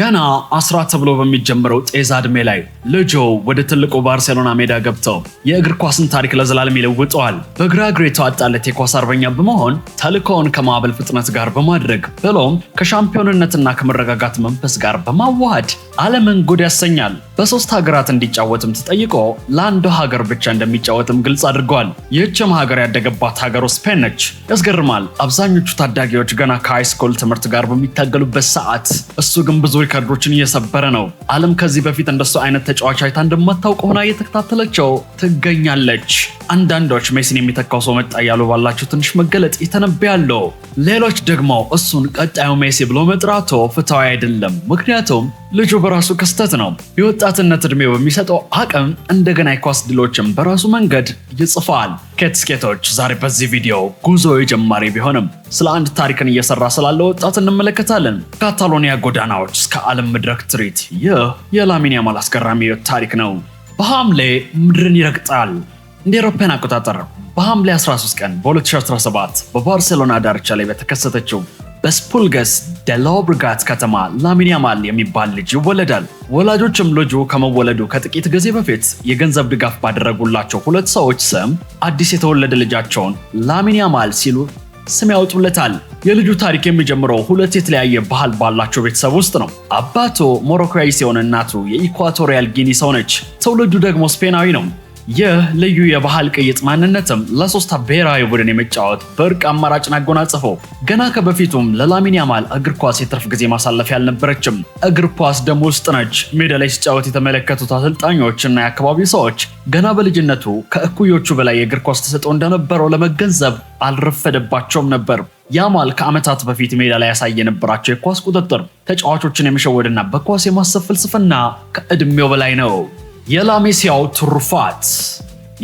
ገና አስራ ተብሎ በሚጀምረው ጤዛ ዕድሜ ላይ ልጆ ወደ ትልቁ ባርሴሎና ሜዳ ገብተው የእግር ኳስን ታሪክ ለዘላለም ይለውጠዋል። በግራ እግር የተዋጣለት የኳስ አርበኛ በመሆን ተልእኮውን ከማዕበል ፍጥነት ጋር በማድረግ ብሎም ከሻምፒዮንነትና ከመረጋጋት መንፈስ ጋር በማዋሃድ ዓለምን ጉድ ያሰኛል። በሶስት ሀገራት እንዲጫወትም ተጠይቆ ለአንዱ ሀገር ብቻ እንደሚጫወትም ግልጽ አድርጓል። ይህችም ሀገር ያደገባት ሀገሩ ስፔን ነች። ያስገርማል። አብዛኞቹ ታዳጊዎች ገና ከሃይስኩል ትምህርት ጋር በሚታገሉበት ሰዓት እሱ ግን ብዙ ሪከርዶችን እየሰበረ ነው። ዓለም ከዚህ በፊት እንደሱ አይነት ተጫዋች አይታ እንደማታውቅ ሆና እየተከታተለችው ትገኛለች። አንዳንዶች ሜሲን የሚተካው ሰው መጣ እያሉ ባላቸው ትንሽ መገለጥ ይተነብያሉ። ሌሎች ደግሞ እሱን ቀጣዩ ሜሲ ብሎ መጥራቶ ፍትሃዊ አይደለም፣ ምክንያቱም ልጁ በራሱ ክስተት ነው። የወጣትነት እድሜው በሚሰጠው አቅም እንደገና የኳስ ድሎችን በራሱ መንገድ ይጽፋል። ስኬቶች ዛሬ በዚህ ቪዲዮ ጉዞ የጀማሪ ቢሆንም ስለ አንድ ታሪክን እየሰራ ስላለ ወጣት እንመለከታለን። ካታሎኒያ ጎዳናዎች እስከ ዓለም መድረክ ትርኢት። ይህ የላሚን ያማል አስገራሚ ታሪክ ነው። በሐምሌ ምድርን ይረግጣል። እንደ ኤሮፓያን አቆጣጠር በሐምሌ 13 ቀን በ2017 በባርሴሎና ዳርቻ ላይ በተከሰተችው በስፑልገስ ደላብርጋት ከተማ ላሚን ያማል የሚባል ልጅ ይወለዳል። ወላጆችም ልጁ ከመወለዱ ከጥቂት ጊዜ በፊት የገንዘብ ድጋፍ ባደረጉላቸው ሁለት ሰዎች ስም አዲስ የተወለደ ልጃቸውን ላሚን ያማል ሲሉ ስም ያወጡለታል። የልጁ ታሪክ የሚጀምረው ሁለት የተለያየ ባህል ባላቸው ቤተሰብ ውስጥ ነው። አባቱ ሞሮኮያዊ ሲሆን እናቱ የኢኳቶሪያል ጊኒ ሰው ነች። ትውልዱ ደግሞ ስፔናዊ ነው። ይህ ልዩ የባህል ቅይጥ ማንነትም ለሶስታ ብሔራዊ ቡድን የመጫወት ብርቅ አማራጭን አጎናጽፎ ገና ከበፊቱም ለላሚን ያማል እግር ኳስ የትርፍ ጊዜ ማሳለፊያ አልነበረችም። እግር ኳስ ደም ውስጥ ነች። ሜዳ ላይ ሲጫወት የተመለከቱት አሰልጣኞች እና የአካባቢ ሰዎች ገና በልጅነቱ ከእኩዮቹ በላይ የእግር ኳስ ተሰጥኦ እንደነበረው ለመገንዘብ አልረፈደባቸውም ነበር። ያማል ከዓመታት በፊት ሜዳ ላይ ያሳየ የነበራቸው የኳስ ቁጥጥር፣ ተጫዋቾችን የመሸወድና በኳስ የማሰብ ፍልስፍና ከእድሜው በላይ ነው። የላሜሲያው ትሩፋት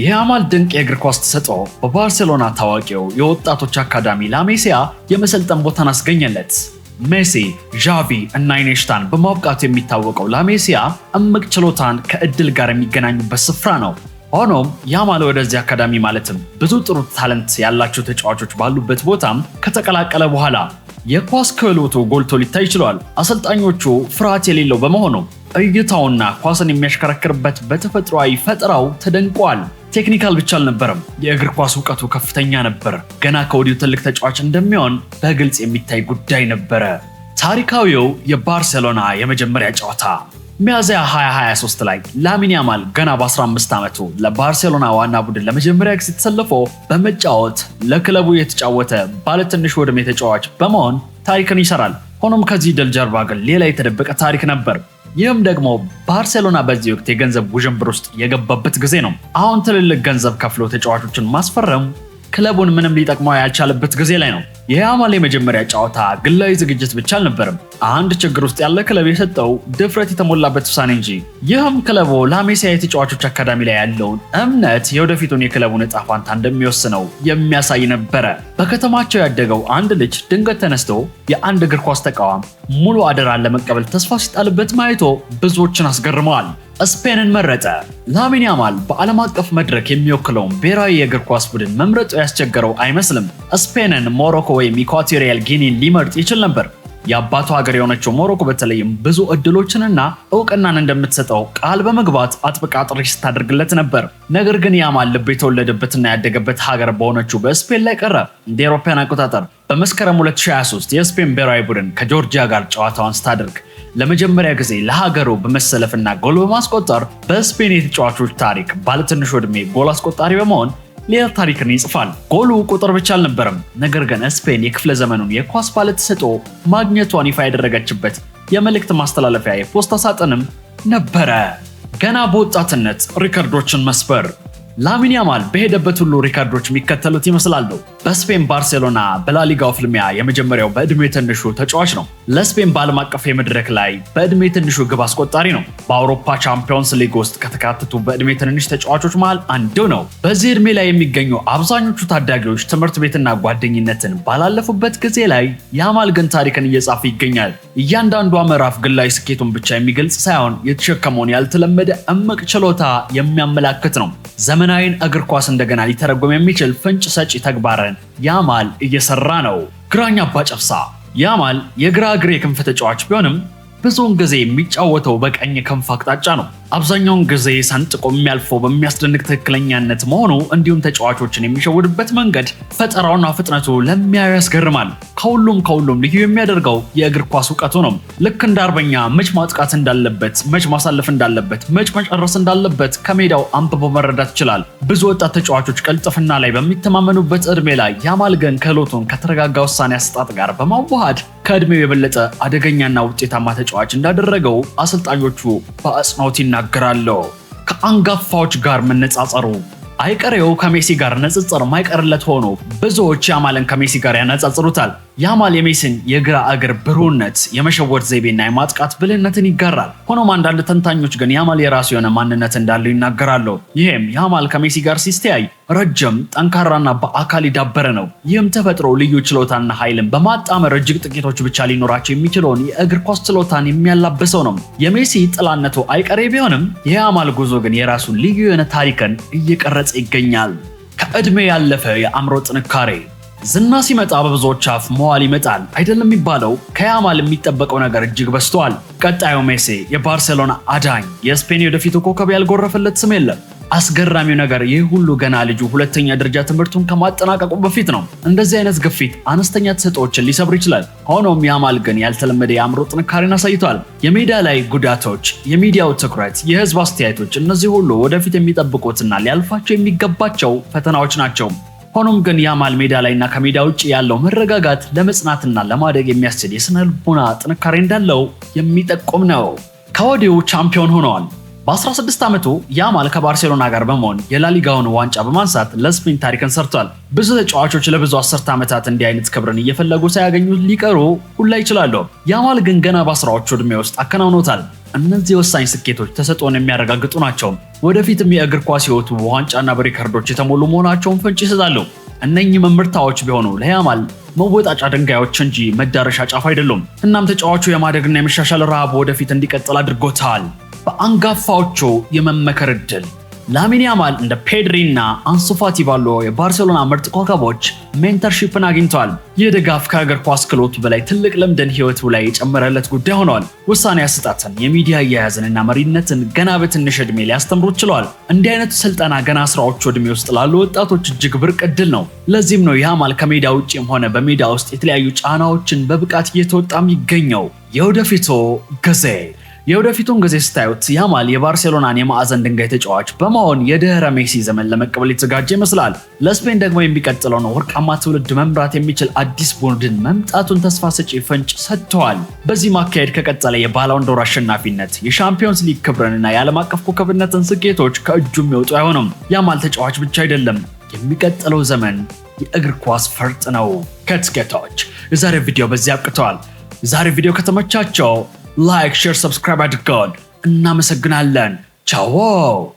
ይህ አማል ድንቅ የእግር ኳስ ተሰጥኦ በባርሴሎና ታዋቂው የወጣቶች አካዳሚ ላሜሲያ የመሰልጠን ቦታን አስገኘለት። ሜሲ፣ ዣቪ እና ኢኔሽታን በማብቃቱ የሚታወቀው ላሜሲያ እምቅ ችሎታን ከእድል ጋር የሚገናኙበት ስፍራ ነው። ሆኖም ያማል ወደዚህ አካዳሚ ማለትም ብዙ ጥሩ ታለንት ያላቸው ተጫዋቾች ባሉበት ቦታም ከተቀላቀለ በኋላ የኳስ ክህሎቱ ጎልቶ ሊታይ ይችሏል። አሰልጣኞቹ ፍርሃት የሌለው በመሆኑ እይታውና ኳስን የሚያሽከረክርበት በተፈጥሯዊ ፈጠራው ተደንቋል። ቴክኒካል ብቻ አልነበረም፣ የእግር ኳስ እውቀቱ ከፍተኛ ነበር። ገና ከወዲሁ ትልቅ ተጫዋች እንደሚሆን በግልጽ የሚታይ ጉዳይ ነበረ። ታሪካዊው የባርሴሎና የመጀመሪያ ጨዋታ ሚያዝያ 2023 ላይ ላሚን ያማል ገና በ15 ዓመቱ ለባርሴሎና ዋና ቡድን ለመጀመሪያ ጊዜ ተሰልፎ በመጫወት ለክለቡ የተጫወተ ባለትንሽ ዕድሜ ተጫዋች በመሆን ታሪክን ይሰራል። ሆኖም ከዚህ ድል ጀርባ ግን ሌላ የተደበቀ ታሪክ ነበር። ይህም ደግሞ ባርሴሎና በዚህ ወቅት የገንዘብ ውዥንብር ውስጥ የገባበት ጊዜ ነው። አሁን ትልልቅ ገንዘብ ከፍሎ ተጫዋቾችን ማስፈረም ክለቡን ምንም ሊጠቅመው ያልቻለበት ጊዜ ላይ ነው። ይህ የመጀመሪያ ጨዋታ ግላዊ ዝግጅት ብቻ አልነበርም፣ አንድ ችግር ውስጥ ያለ ክለብ የሰጠው ድፍረት የተሞላበት ውሳኔ እንጂ። ይህም ክለቡ ላሜሲያ የተጫዋቾች አካዳሚ ላይ ያለውን እምነት የወደፊቱን የክለቡን ዕጣ ፋንታ እንደሚወስነው የሚያሳይ ነበረ። በከተማቸው ያደገው አንድ ልጅ ድንገት ተነስቶ የአንድ እግር ኳስ ተቃዋም ሙሉ አደራን ለመቀበል ተስፋ ሲጣልበት ማየቶ ብዙዎችን አስገርመዋል። ስፔንን መረጠ። ላሚን ያማል በዓለም አቀፍ መድረክ የሚወክለውን ብሔራዊ የእግር ኳስ ቡድን መምረጡ ያስቸገረው አይመስልም። ስፔንን፣ ሞሮኮ ወይም ኢኳቶሪያል ጊኒን ሊመርጥ ይችል ነበር። የአባቱ ሀገር የሆነችው ሞሮኮ በተለይም ብዙ እድሎችንና እውቅናን እንደምትሰጠው ቃል በመግባት አጥብቃ ጥሪ ስታደርግለት ነበር። ነገር ግን ያማል ልብ የተወለደበትና ያደገበት ሀገር በሆነችው በስፔን ላይ ቀረ። እንደ አውሮፓውያን አቆጣጠር በመስከረም 2023 የስፔን ብሔራዊ ቡድን ከጆርጂያ ጋር ጨዋታዋን ስታደርግ ለመጀመሪያ ጊዜ ለሀገሩ በመሰለፍና ጎል በማስቆጠር በስፔን የተጫዋቾች ታሪክ ባለትንሹ ዕድሜ ጎል አስቆጣሪ በመሆን ሌላ ታሪክን ይጽፋል። ጎሉ ቁጥር ብቻ አልነበረም፣ ነገር ግን ስፔን የክፍለ ዘመኑን የኳስ ባለ ተሰጥኦ ማግኘቷን ይፋ ያደረገችበት የመልእክት ማስተላለፊያ የፖስታ ሳጥንም ነበረ። ገና በወጣትነት ሪከርዶችን መስበር ላሚን ያማል በሄደበት ሁሉ ሪካርዶች የሚከተሉት ይመስላሉ። በስፔን ባርሴሎና በላሊጋው ፍልሚያ የመጀመሪያው በእድሜ ትንሹ ተጫዋች ነው። ለስፔን በዓለም አቀፍ የመድረክ ላይ በእድሜ ትንሹ ግብ አስቆጣሪ ነው። በአውሮፓ ቻምፒዮንስ ሊግ ውስጥ ከተካተቱ በእድሜ ትንንሽ ተጫዋቾች መሃል አንዱ ነው። በዚህ እድሜ ላይ የሚገኙ አብዛኞቹ ታዳጊዎች ትምህርት ቤትና ጓደኝነትን ባላለፉበት ጊዜ ላይ ያማል ግን ታሪክን እየጻፈ ይገኛል። እያንዳንዷ ምዕራፍ ግላዊ ስኬቱን ብቻ የሚገልጽ ሳይሆን የተሸከመውን ያልተለመደ እምቅ ችሎታ የሚያመላክት ነው። ዘመን ዘመናዊን እግር ኳስ እንደገና ሊተረጎም የሚችል ፍንጭ ሰጪ ተግባርን ያማል እየሰራ ነው። ግራኝ አምባ ጨብሳ ያማል የግራ እግር የክንፍ ተጫዋች ቢሆንም ብዙውን ጊዜ የሚጫወተው በቀኝ ክንፍ አቅጣጫ ነው። አብዛኛውን ጊዜ ሰንጥቆ የሚያልፈው በሚያስደንቅ ትክክለኛነት መሆኑ እንዲሁም ተጫዋቾችን የሚሸውድበት መንገድ ፈጠራውና ፍጥነቱ ለሚያዩ ያስገርማል። ከሁሉም ከሁሉም ልዩ የሚያደርገው የእግር ኳስ እውቀቱ ነው። ልክ እንደ አርበኛ መች ማጥቃት እንዳለበት፣ መች ማሳለፍ እንዳለበት፣ መች መጨረስ እንዳለበት ከሜዳው አንብቦ መረዳት ይችላል። ብዙ ወጣት ተጫዋቾች ቅልጥፍና ላይ በሚተማመኑበት እድሜ ላይ ያማል ግን ክህሎቱን ከተረጋጋ ውሳኔ አሰጣጥ ጋር በማዋሃድ ከእድሜው የበለጠ አደገኛና ውጤታማ ተጫዋች እንዳደረገው አሰልጣኞቹ በአጽንኦት ይናገራሉ። ከአንጋፋዎች ጋር መነጻጸሩ አይቀሬው ከሜሲ ጋር ንጽጽር ማይቀርለት ሆኖ ብዙዎች ያማለን ከሜሲ ጋር ያነጻጽሩታል። ያማል የሜሲን የግራ እግር ብሩህነት የመሸወድ ዘይቤና የማጥቃት ብልህነትን ይጋራል። ሆኖም አንዳንድ ተንታኞች ግን ያማል የራሱ የሆነ ማንነት እንዳለው ይናገራሉ። ይህም ያማል ከሜሲ ጋር ሲስተያይ ረጅም፣ ጠንካራና በአካል የዳበረ ነው። ይህም ተፈጥሮ ልዩ ችሎታና ኃይልን በማጣመር እጅግ ጥቂቶች ብቻ ሊኖራቸው የሚችለውን የእግር ኳስ ችሎታን የሚያላብሰው ነው። የሜሲ ጥላነቱ አይቀሬ ቢሆንም የያማል ጉዞ ግን የራሱን ልዩ የሆነ ታሪክን እየቀረጸ ይገኛል። ከዕድሜ ያለፈ የአእምሮ ጥንካሬ ዝና ሲመጣ በብዙዎች አፍ መዋል ይመጣል አይደለም የሚባለው። ከያማል የሚጠበቀው ነገር እጅግ በዝቷል። ቀጣዩ ሜሴ፣ የባርሴሎና አዳኝ፣ የስፔን የወደፊቱ ኮከብ ያልጎረፈለት ስም የለም። አስገራሚው ነገር ይህ ሁሉ ገና ልጁ ሁለተኛ ደረጃ ትምህርቱን ከማጠናቀቁ በፊት ነው። እንደዚህ አይነት ግፊት አነስተኛ ተሰጥኦዎችን ሊሰብር ይችላል። ሆኖም ያማል ግን ያልተለመደ የአእምሮ ጥንካሬን አሳይቷል። የሜዳ ላይ ጉዳቶች፣ የሚዲያው ትኩረት፣ የህዝብ አስተያየቶች፣ እነዚህ ሁሉ ወደፊት የሚጠብቁትና ሊያልፋቸው የሚገባቸው ፈተናዎች ናቸው። ሆኖም ግን ያማል ሜዳ ላይና ከሜዳ ውጭ ያለው መረጋጋት ለመጽናትና ለማደግ የሚያስችል የስነ ልቦና ጥንካሬ እንዳለው የሚጠቁም ነው። ከወዲሁ ቻምፒዮን ሆነዋል። በ16 ዓመቱ ያማል ከባርሴሎና ጋር በመሆን የላሊጋውን ዋንጫ በማንሳት ለስፔን ታሪክን ሰርቷል። ብዙ ተጫዋቾች ለብዙ አስርት ዓመታት እንዲህ አይነት ክብርን እየፈለጉ ሳያገኙ ሊቀሩ ሁላ ይችላሉ። ያማል ግን ገና በአስራዎቹ ዕድሜ ውስጥ አከናውኖታል። እነዚህ ወሳኝ ስኬቶች ተሰጥኦን የሚያረጋግጡ ናቸው። ወደፊትም የእግር ኳስ ህይወቱ በዋንጫና በሪከርዶች የተሞሉ መሆናቸውን ፍንጭ ይሰጣሉ። እነኚህ ምርታዎች ቢሆኑ ለያማል መወጣጫ ድንጋዮች እንጂ መዳረሻ ጫፍ አይደሉም። እናም ተጫዋቹ የማደግና የመሻሻል ረሃብ ወደፊት እንዲቀጥል አድርጎታል። በአንጋፋዎቹ የመመከር እድል። ላሚን ያማል እንደ ፔድሪ እና አንሱ ባሉ የባርሴሎና ምርጥ ኮከቦች ሜንተርሺፕን አግኝቷል። ይህ ድጋፍ ከእግር ኳስ ክሎቱ በላይ ትልቅ ልምድን ህይወቱ ላይ የጨመረለት ጉዳይ ሆኗል። ውሳኔ አሰጣጥን፣ የሚዲያ አያያዝንና መሪነትን ገና በትንሽ ዕድሜ ሊያስተምሩ ችለዋል። እንዲህ አይነቱ ስልጠና ገና ስራዎቹ ዕድሜ ውስጥ ላሉ ወጣቶች እጅግ ብርቅ ዕድል ነው። ለዚህም ነው ያማል ከሜዳ ውጭም ሆነ በሜዳ ውስጥ የተለያዩ ጫናዎችን በብቃት እየተወጣም ይገኘው የወደፊቱ ጊዜ የወደፊቱን ጊዜ ስታዩት ያማል የባርሴሎናን የማዕዘን ድንጋይ ተጫዋች በመሆን የድህረ ሜሲ ዘመን ለመቀበል የተዘጋጀ ይመስላል። ለስፔን ደግሞ የሚቀጥለውን ወርቃማ ትውልድ መምራት የሚችል አዲስ ቡድን መምጣቱን ተስፋ ሰጪ ፍንጭ ሰጥተዋል። በዚህ ማካሄድ ከቀጠለ የባሎን ዶር አሸናፊነት፣ የሻምፒዮንስ ሊግ ክብርንና የዓለም አቀፍ ኮከብነትን ስኬቶች ከእጁ የሚወጡ አይሆንም። ያማል ተጫዋች ብቻ አይደለም፣ የሚቀጥለው ዘመን የእግር ኳስ ፈርጥ ነው። ከትስኬታዎች የዛሬ ቪዲዮ በዚህ አብቅተዋል። ዛሬ ቪዲዮ ከተመቻቸው ላይክ፣ ሼር፣ ሰብስክራይብ አድርገውን እናመሰግናለን። ቻዎ